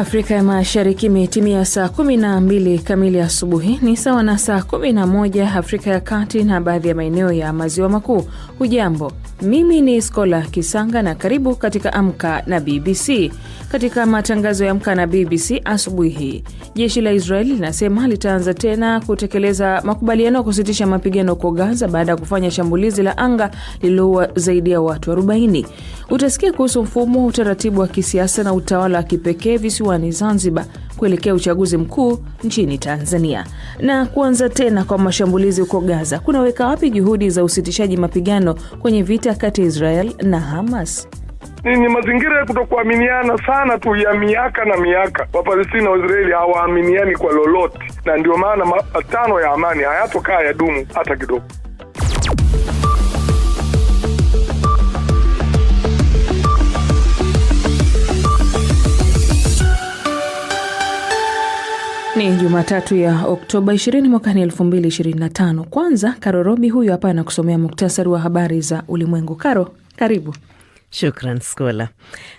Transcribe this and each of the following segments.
Afrika ya Mashariki imetimia saa 12 kamili asubuhi, ni sawa na saa 11 Afrika ya Kati na baadhi ya maeneo ya maziwa makuu. Hujambo, mimi ni Skola Kisanga na karibu katika Amka na BBC. Katika matangazo ya Amka na BBC asubuhi hii, jeshi la Israeli linasema litaanza tena kutekeleza makubaliano ya kusitisha mapigano huko Gaza baada ya kufanya shambulizi la anga lililoua zaidi ya watu 40. Utasikia kuhusu mfumo, utaratibu wa kisiasa na utawala wa kipekee visiwa visiwani Zanzibar kuelekea uchaguzi mkuu nchini Tanzania. Na kuanza tena kwa mashambulizi huko Gaza kunaweka wapi juhudi za usitishaji mapigano kwenye vita kati ya Israel na Hamas? Ni, ni mazingira ya kutokuaminiana sana tu ya miaka na miaka. Wapalestina Waisraeli hawaaminiani kwa lolote, na ndio maana mapatano ya amani hayatokaa ya dumu hata kidogo. Ni Jumatatu ya Oktoba 20 ni 2025. Kwanza Karo Robi huyu hapa anakusomea muktasari wa habari za ulimwengu. Karo, karibu. Shukran Skola.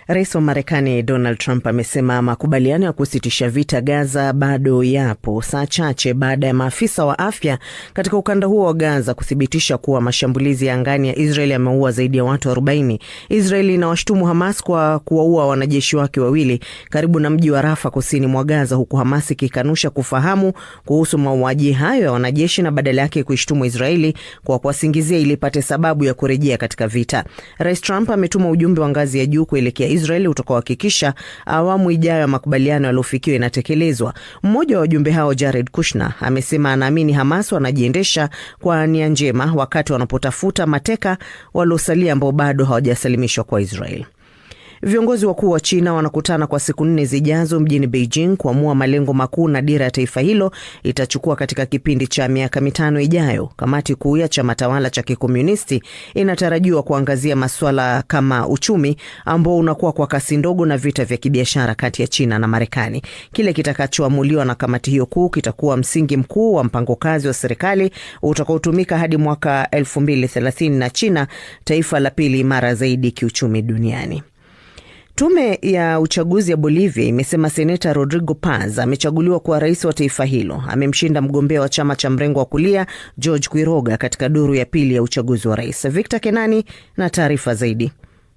Rais wa Marekani Donald Trump amesema makubaliano ya kusitisha vita Gaza bado yapo, saa chache baada ya maafisa wa afya katika ukanda huo wa Gaza kuthibitisha kuwa mashambulizi ya angani ya Israel yameua zaidi ya watu 40. Israel inawashutumu Hamas kwa kuwaua wanajeshi wake wawili karibu na mji wa Rafa, kusini mwa Gaza, huku Hamas ikikanusha kufahamu kuhusu mauaji hayo ya wanajeshi na badala yake kuishtumu Israeli kwa kuwasingizia ili ipate sababu ya kurejea katika vita. Rais Trump ametuma alituma ujumbe wa ngazi ya juu kuelekea Israel utakaohakikisha awamu ijayo ya makubaliano yaliyofikiwa inatekelezwa. Mmoja wa wajumbe hao Jared Kushner amesema anaamini Hamas wanajiendesha kwa nia njema wakati wanapotafuta mateka waliosalia ambao bado hawajasalimishwa kwa Israel. Viongozi wakuu wa China wanakutana kwa siku nne zijazo mjini Beijing kuamua malengo makuu na dira ya taifa hilo itachukua katika kipindi cha miaka mitano ijayo. Kamati kuu ya chama tawala cha kikomunisti inatarajiwa kuangazia masuala kama uchumi ambao unakuwa kwa kasi ndogo na vita vya kibiashara kati ya China na Marekani. Kile kitakachoamuliwa na kamati hiyo kuu kitakuwa msingi mkuu wa mpango kazi wa serikali utakaotumika hadi mwaka 2030 na China, taifa la pili imara zaidi kiuchumi duniani. Tume ya uchaguzi ya Bolivia imesema seneta Rodrigo Paz amechaguliwa kuwa rais wa taifa hilo. Amemshinda mgombea wa chama cha mrengo wa kulia George Quiroga katika duru ya pili ya uchaguzi wa rais. Victor Kenani na taarifa zaidi.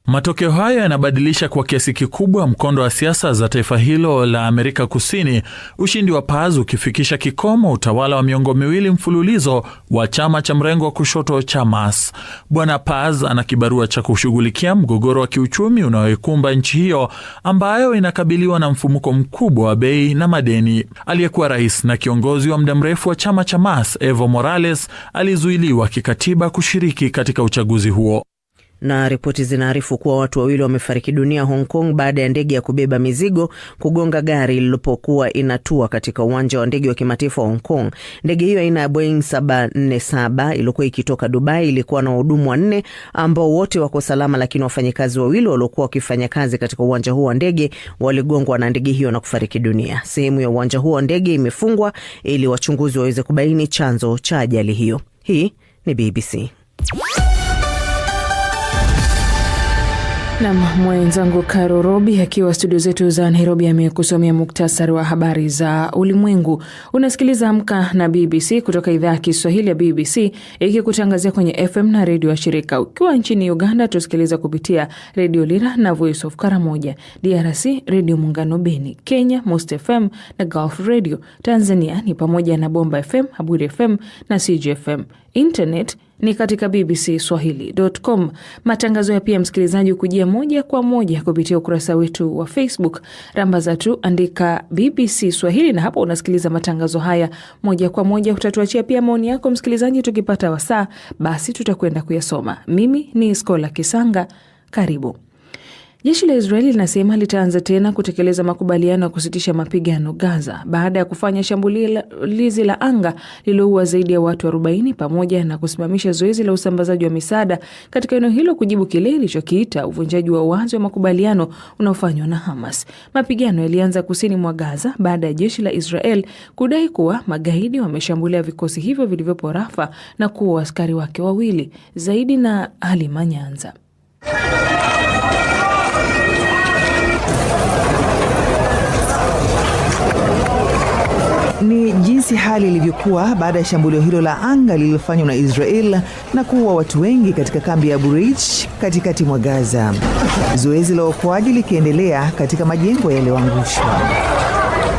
Matokeo hayo yanabadilisha kwa kiasi kikubwa mkondo wa siasa za taifa hilo la Amerika Kusini, ushindi wa Paz ukifikisha kikomo utawala wa miongo miwili mfululizo wa chama cha mrengo wa kushoto cha MAS. Bwana Paz ana kibarua cha kushughulikia mgogoro wa kiuchumi unaoikumba nchi hiyo ambayo inakabiliwa na mfumuko mkubwa wa bei na madeni. Aliyekuwa rais na kiongozi wa muda mrefu wa chama cha MAS Evo Morales alizuiliwa kikatiba kushiriki katika uchaguzi huo. Na ripoti zinaarifu kuwa watu wawili wamefariki dunia Hong Kong baada ya ndege ya kubeba mizigo kugonga gari lilipokuwa inatua katika uwanja wa ndege wa kimataifa wa Hong Kong. Ndege hiyo aina ya Boeing 747 iliyokuwa ikitoka Dubai ilikuwa na wahudumu wanne ambao wote wako salama, lakini wafanyakazi wawili waliokuwa wakifanya kazi katika uwanja huo wa ndege waligongwa na ndege hiyo na kufariki dunia. Sehemu ya uwanja huo wa ndege imefungwa ili wachunguzi waweze kubaini chanzo cha ajali hiyo. Hii ni BBC. Nam mwenzangu Karo Robi akiwa studio zetu za Nairobi amekusomea muktasari wa habari za ulimwengu. Unasikiliza Amka na BBC kutoka idhaa ya Kiswahili ya BBC ikikutangazia kwenye FM na redio ya shirika. Ukiwa nchini Uganda tusikiliza kupitia redio Lira na Voice of Karamoja, DRC redio Muungano Beni, Kenya Most FM na Gulf Radio, Tanzania ni pamoja na Bomba FM, Haburi FM na CGFM. Internet ni katika BBC Swahili.com. Matangazo ya pia msikilizaji hukujia moja kwa moja kupitia ukurasa wetu wa Facebook, za tu andika BBC Swahili na hapo unasikiliza matangazo haya moja kwa moja. Utatuachia pia maoni yako msikilizaji, tukipata wasaa basi tutakwenda kuyasoma. Mimi ni Skola Kisanga, karibu. Jeshi la Israeli linasema litaanza tena kutekeleza makubaliano ya kusitisha mapigano Gaza baada ya kufanya shambulizi la anga lililoua zaidi ya watu 40 pamoja na kusimamisha zoezi la usambazaji wa misaada katika eneo hilo kujibu kile ilichokiita uvunjaji wa wazi wa makubaliano unaofanywa na Hamas. Mapigano yalianza kusini mwa Gaza baada ya jeshi la Israel kudai kuwa magaidi wameshambulia vikosi hivyo vilivyopo Rafa na kuua askari wake wawili zaidi. Na Halima Nyanza ni jinsi hali ilivyokuwa baada ya shambulio hilo la anga lililofanywa na Israel na kuua watu wengi katika kambi ya Burij katikati mwa Gaza, zoezi la uokoaji likiendelea katika majengo yaliyoangushwa,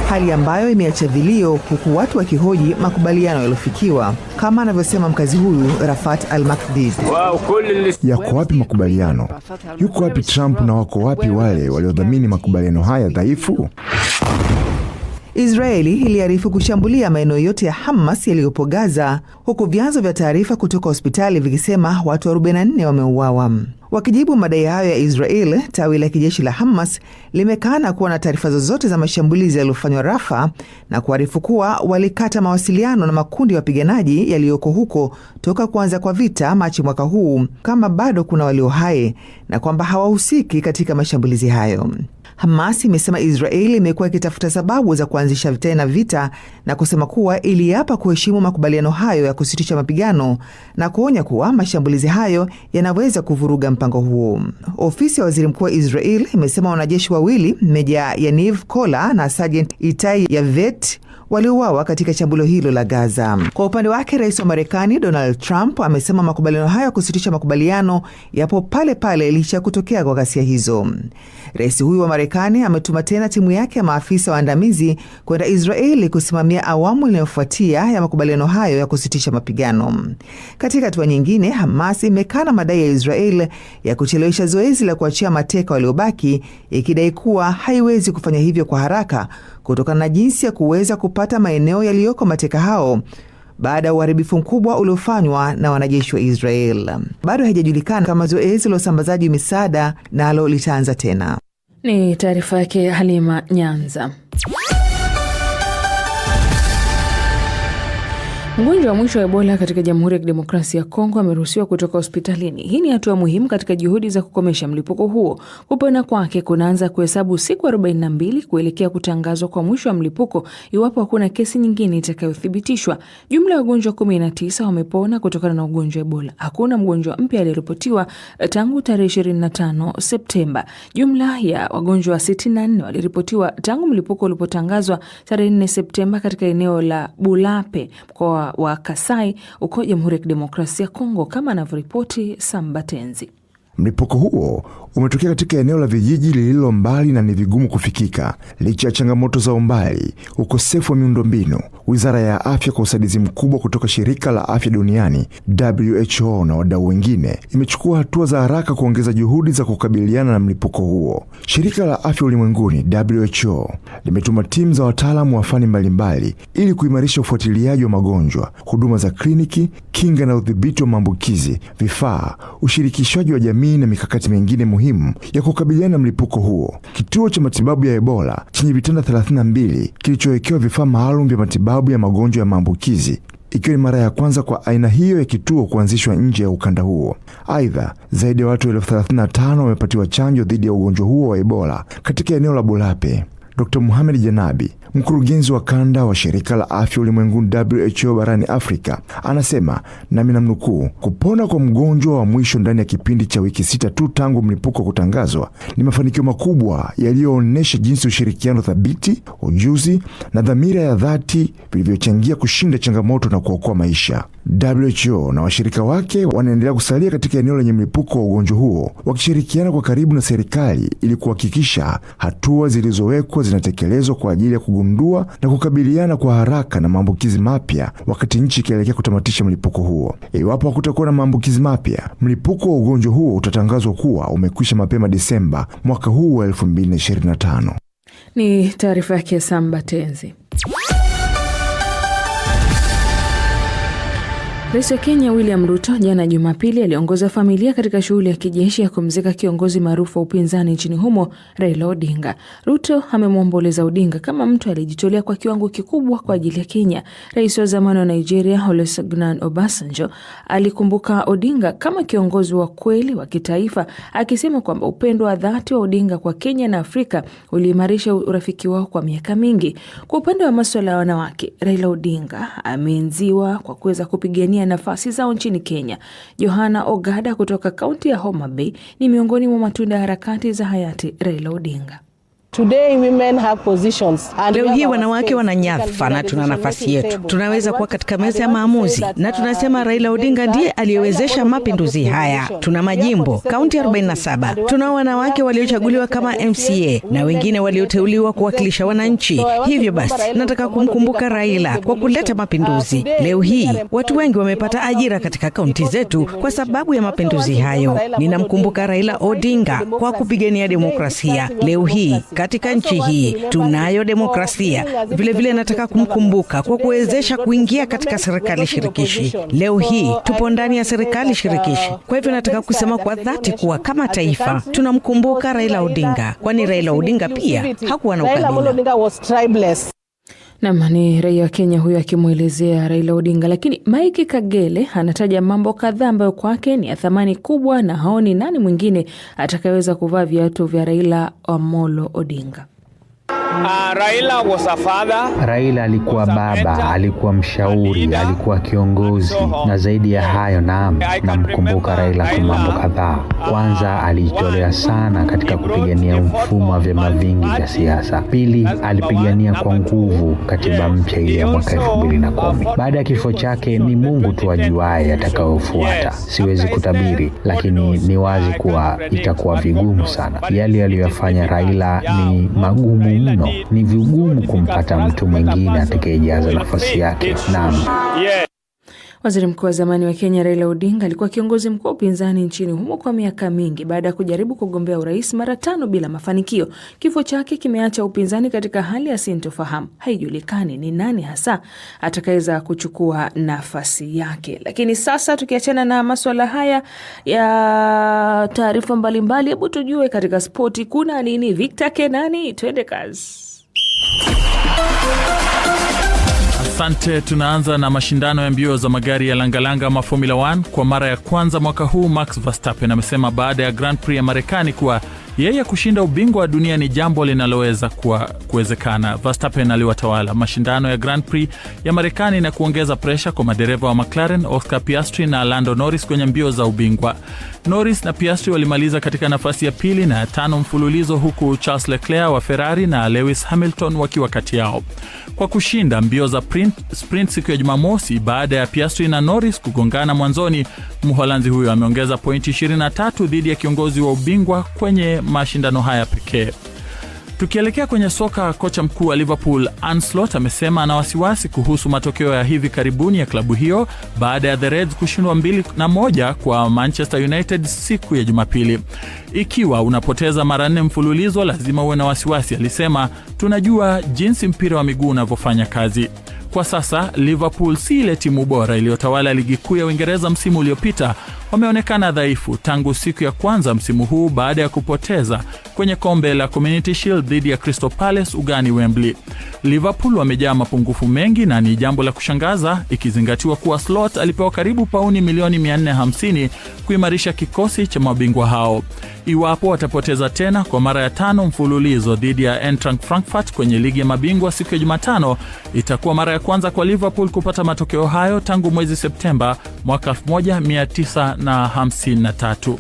hali ambayo imeacha vilio, huku watu wakihoji makubaliano yaliyofikiwa, kama anavyosema mkazi huyu Rafat Al Makdid. Yako wapi makubaliano? Yuko wapi Trump na wako wapi wale waliodhamini makubaliano haya dhaifu? Israeli iliarifu kushambulia maeneo yote ya Hamas yaliyopo Gaza, huku vyanzo vya taarifa kutoka hospitali vikisema watu 44 wameuawa. Wakijibu madai hayo ya Israel, tawi la kijeshi la Hamas limekana kuwa na taarifa zozote za mashambulizi yaliyofanywa Rafa na kuarifu kuwa walikata mawasiliano na makundi ya wapiganaji yaliyoko huko toka kuanza kwa vita Machi mwaka huu, kama bado kuna walio hai, na kwamba hawahusiki katika mashambulizi hayo. Hamas imesema Israel imekuwa ikitafuta sababu za kuanzisha tena vita na kusema kuwa iliapa kuheshimu makubaliano hayo ya kusitisha mapigano na kuonya kuwa mashambulizi hayo yanaweza kuvuruga mpango huo. Ofisi ya waziri mkuu wa Israel imesema wanajeshi wawili Meja Yaniv Kola na Sajent Itai Yavet waliuawa katika shambulio hilo la Gaza. Kwa upande wake, rais wa Marekani Donald Trump amesema makubaliano hayo ya kusitisha makubaliano yapo pale pale licha ya kutokea kwa ghasia hizo. Rais huyu wa Marekani Marekani ametuma tena timu yake ya maafisa waandamizi kwenda Israeli kusimamia awamu inayofuatia ya makubaliano hayo ya kusitisha mapigano. Katika hatua nyingine, Hamas imekana madai ya Israel ya kuchelewesha zoezi la kuachia mateka waliobaki, ikidai kuwa haiwezi kufanya hivyo kwa haraka kutokana na jinsi ya kuweza kupata maeneo yaliyoko mateka hao baada ya uharibifu mkubwa uliofanywa na wanajeshi wa Israel. Bado haijajulikana kama zoezi la usambazaji misaada nalo litaanza tena. Ni taarifa yake Halima Nyanza. Mgonjwa wa mwisho wa Ebola katika Jamhuri ya Kidemokrasia ya Kongo ameruhusiwa kutoka hospitalini. Hii ni hatua muhimu katika juhudi za kukomesha mlipuko huo. Kupona kwake kunaanza kuhesabu siku 42 kuelekea kutangazwa kwa mwisho wa mlipuko, iwapo hakuna kesi nyingine itakayothibitishwa. Jumla ya wagonjwa 19 wamepona kutokana na ugonjwa wa Ebola. Hakuna mgonjwa mpya aliyeripotiwa eh, tangu tarehe 25 Septemba. Jumla ya wagonjwa 64 waliripotiwa tangu mlipuko ulipotangazwa tarehe 4 Septemba katika eneo la Bulape mkoa wa Kasai uko Jamhuri ya Kidemokrasia ya Kongo, kama anavyoripoti Sam Batenzi. Mlipuko huo umetokea katika eneo la vijiji lililo mbali na ni vigumu kufikika. Licha ya changamoto za umbali, ukosefu wa miundombinu, Wizara ya Afya kwa usaidizi mkubwa kutoka Shirika la Afya Duniani WHO na wadau wengine imechukua hatua za haraka kuongeza juhudi za kukabiliana na mlipuko huo. Shirika la Afya Ulimwenguni WHO limetuma timu za wataalamu wa fani mbalimbali ili kuimarisha ufuatiliaji wa magonjwa, huduma za kliniki, kinga na udhibiti wa maambukizi, vifaa, ushirikishwaji wa jamii na mikakati mingine muhimu muhimu ya kukabiliana na mlipuko huo. Kituo cha matibabu ya Ebola chenye vitanda 32 kilichowekewa vifaa maalum vya matibabu ya magonjwa ya maambukizi ikiwa ni mara ya kwanza kwa aina hiyo ya kituo kuanzishwa nje ya ukanda huo. Aidha, zaidi ya watu elfu 35 wamepatiwa chanjo dhidi ya ugonjwa huo wa Ebola katika eneo la Bulape. Dr. muhamed Janabi Mkurugenzi wa kanda wa shirika la afya ulimwenguni WHO barani Afrika anasema nami namnukuu, kupona kwa mgonjwa wa mwisho ndani ya kipindi cha wiki sita tu tangu mlipuko kutangazwa ni mafanikio makubwa yaliyoonyesha jinsi ushirikiano thabiti, ujuzi na dhamira ya dhati vilivyochangia kushinda changamoto na kuokoa maisha. WHO na washirika wake wanaendelea kusalia katika eneo lenye mlipuko wa ugonjwa huo wakishirikiana kwa karibu na serikali ili kuhakikisha hatua zilizowekwa zinatekelezwa kwa ajili ya kugundua na kukabiliana kwa haraka na maambukizi mapya wakati nchi ikielekea kutamatisha mlipuko huo. Iwapo hakutakuwa na maambukizi mapya, mlipuko wa ugonjwa huo utatangazwa kuwa umekwisha mapema Desemba mwaka huu wa 2025. Ni taarifa yake Samba Tenzi. Rais wa Kenya William Ruto jana Jumapili aliongoza familia katika shughuli ya kijeshi ya kumzika kiongozi maarufu wa upinzani nchini humo Raila Odinga. Ruto amemwomboleza Odinga kama mtu aliyejitolea kwa kiwango kikubwa kwa ajili ya Kenya. Rais wa zamani wa Nigeria Olusegun Obasanjo alikumbuka Odinga kama kiongozi wa kweli wa kitaifa, akisema kwamba upendo wa dhati wa Odinga kwa Kenya na Afrika uliimarisha urafiki wao kwa miaka mingi. Kwa upande wa maswala ya wanawake, Raila Odinga ameenziwa kwa kuweza kupigania kuwania nafasi zao nchini Kenya. Johana Ogada kutoka kaunti ya Homa Bay ni miongoni mwa matunda ya harakati za hayati Raila Odinga. Today women have positions. leo hii wanawake wana nyadhifa na tuna nafasi yetu, tunaweza kuwa katika meza ah, ya maamuzi, na tunasema Raila Odinga ndiye aliyewezesha mapinduzi haya. Tuna majimbo kaunti 47, tunao wanawake waliochaguliwa kama MCA na wengine walioteuliwa kuwakilisha wananchi. Hivyo basi, nataka kumkumbuka Raila kwa kuleta mapinduzi. Leo hii watu wengi wamepata ajira katika kaunti zetu kwa sababu ya mapinduzi hayo. Ninamkumbuka Raila Odinga kwa kupigania demokrasia leo hii katika nchi hii, tunayo demokrasia. Vilevile vile nataka kumkumbuka kwa kuwezesha kuingia katika serikali shirikishi. Leo hii tupo ndani ya serikali shirikishi, kwa hivyo nataka kusema kwa dhati kuwa kama taifa tunamkumbuka Raila Odinga, kwani Raila Odinga pia hakuwa na ukabila. Nam ni raia wa Kenya huyo akimwelezea Raila Odinga. Lakini Mike Kagele anataja mambo kadhaa ambayo kwake ni ya thamani kubwa na haoni nani mwingine atakayeweza kuvaa viatu vya Raila Amolo Odinga. Ah, Raila was a father. Raila alikuwa baba, alikuwa mshauri, alikuwa kiongozi na zaidi ya hayo, naam, namkumbuka Raila kwa mambo kadhaa. Ah, Kwanza, alijitolea sana katika kupigania mfumo wa vyama vingi vya siasa. Pili, alipigania kwa nguvu katiba mpya ile ya mwaka elfu mbili na uh, kumi. Baada ya kifo chake, ni Mungu tu ajuaye atakayofuata, siwezi kutabiri, lakini ni wazi kuwa itakuwa vigumu sana. Yale aliyoyafanya Raila ni magumu mno mno, ni vigumu kumpata mtu mwingine atakayejaza nafasi yake. Naam. Waziri mkuu wa zamani wa Kenya Raila Odinga alikuwa kiongozi mkuu wa upinzani nchini humo kwa miaka mingi baada ya kujaribu kugombea urais mara tano bila mafanikio. Kifo chake kimeacha upinzani katika hali ya sintofahamu. Haijulikani ni nani hasa atakayeweza kuchukua nafasi yake. Lakini sasa tukiachana na maswala haya ya taarifa mbalimbali, hebu tujue katika spoti kuna nini. Victor Kenani, twende kazi. Asante. Tunaanza na mashindano ya mbio za magari ya langalanga ama Formula 1. Kwa mara ya kwanza mwaka huu, Max Verstappen amesema baada ya Grand Prix ya Marekani kuwa yeye kushinda ubingwa wa dunia ni jambo linaloweza kuwa kuwezekana. Verstappen aliwatawala mashindano ya Grand Prix ya Marekani na kuongeza presha kwa madereva wa McLaren, Oscar Piastri na Lando Norris kwenye mbio za ubingwa. Norris na Piastri walimaliza katika nafasi ya pili na ya tano mfululizo, huku Charles Leclerc wa Ferrari na Lewis Hamilton wakiwa kati yao kwa kushinda mbio za print, sprint siku ya Jumamosi baada ya Piastri na Norris kugongana mwanzoni. Mholanzi huyo ameongeza pointi 23 dhidi ya kiongozi wa ubingwa kwenye mashindano haya pekee. Tukielekea kwenye soka, kocha mkuu wa Liverpool Arne Slot amesema ana wasiwasi kuhusu matokeo ya hivi karibuni ya klabu hiyo baada ya the Reds kushindwa mbili na moja kwa Manchester United siku ya Jumapili. Ikiwa unapoteza mara nne mfululizo, lazima uwe na wasiwasi, alisema. Tunajua jinsi mpira wa miguu unavyofanya kazi. Kwa sasa Liverpool si ile timu bora iliyotawala ligi kuu ya Uingereza msimu uliopita. Wameonekana dhaifu tangu siku ya kwanza msimu huu baada ya kupoteza kwenye kombe la Community Shield dhidi ya Crystal Palace ugani Wembley. Liverpool wamejaa mapungufu mengi na ni jambo la kushangaza ikizingatiwa kuwa Slot alipewa karibu pauni milioni 450 kuimarisha kikosi cha mabingwa hao iwapo watapoteza tena kwa mara ya tano mfululizo dhidi ya Eintracht Frankfurt kwenye ligi ya mabingwa siku ya Jumatano, itakuwa mara ya kwanza kwa Liverpool kupata matokeo hayo tangu mwezi Septemba mwaka 1953.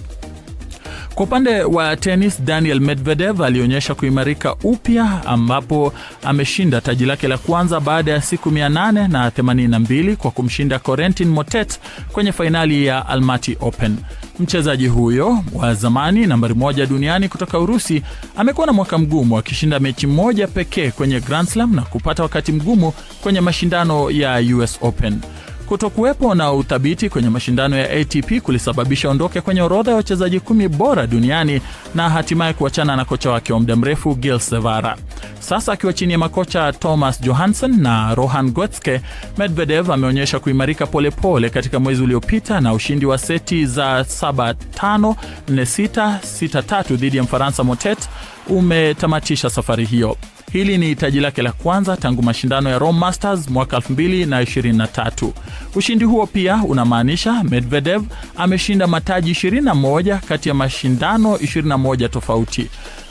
Kwa upande wa tenis, Daniel Medvedev alionyesha kuimarika upya ambapo ameshinda taji lake la kwanza baada ya siku 882 kwa kumshinda Corentin Motet kwenye fainali ya Almaty Open. Mchezaji huyo wa zamani nambari moja duniani kutoka Urusi amekuwa na mwaka mgumu akishinda mechi moja pekee kwenye Grand Slam na kupata wakati mgumu kwenye mashindano ya US Open. Kutokuwepo na uthabiti kwenye mashindano ya ATP kulisababisha ondoke kwenye orodha ya wachezaji kumi bora duniani na hatimaye kuachana na kocha wake wa muda mrefu Gil Sevara. Sasa akiwa chini ya makocha Thomas Johansen na Rohan Gotske, Medvedev ameonyesha kuimarika polepole pole katika mwezi uliopita na ushindi wa seti za 7-5, 4-6, 6-3 dhidi ya Mfaransa Motet umetamatisha safari hiyo. Hili ni taji lake la kwanza tangu mashindano ya Rome Masters mwaka 2023. Ushindi huo pia unamaanisha Medvedev ameshinda mataji 21 kati ya mashindano 21 tofauti.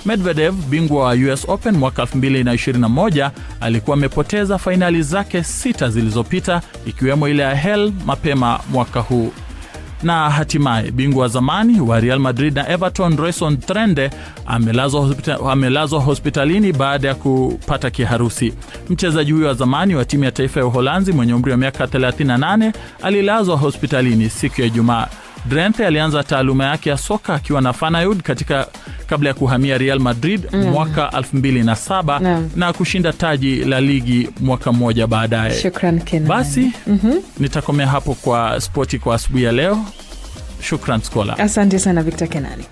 Medvedev, bingwa wa US Open mwaka 2021, alikuwa amepoteza fainali zake sita zilizopita ikiwemo ile ya Hell mapema mwaka huu na hatimaye bingwa wa zamani wa Real Madrid na Everton Rayson Trende amelazwa hospita, hospitalini baada ya kupata kiharusi. Mchezaji huyo wa zamani wa timu ya taifa ya Uholanzi mwenye umri wa miaka 38 alilazwa hospitalini siku ya Ijumaa. Drenthe alianza taaluma yake ya soka akiwa na fanayud katika kabla ya kuhamia Real Madrid mm. mwaka 2007 na, na kushinda taji la ligi mwaka mmoja baadaye. Shukran Basi mm -hmm. nitakomea hapo kwa spoti kwa asubuhi ya leo. Shukran scola asante sana Victor Kenani.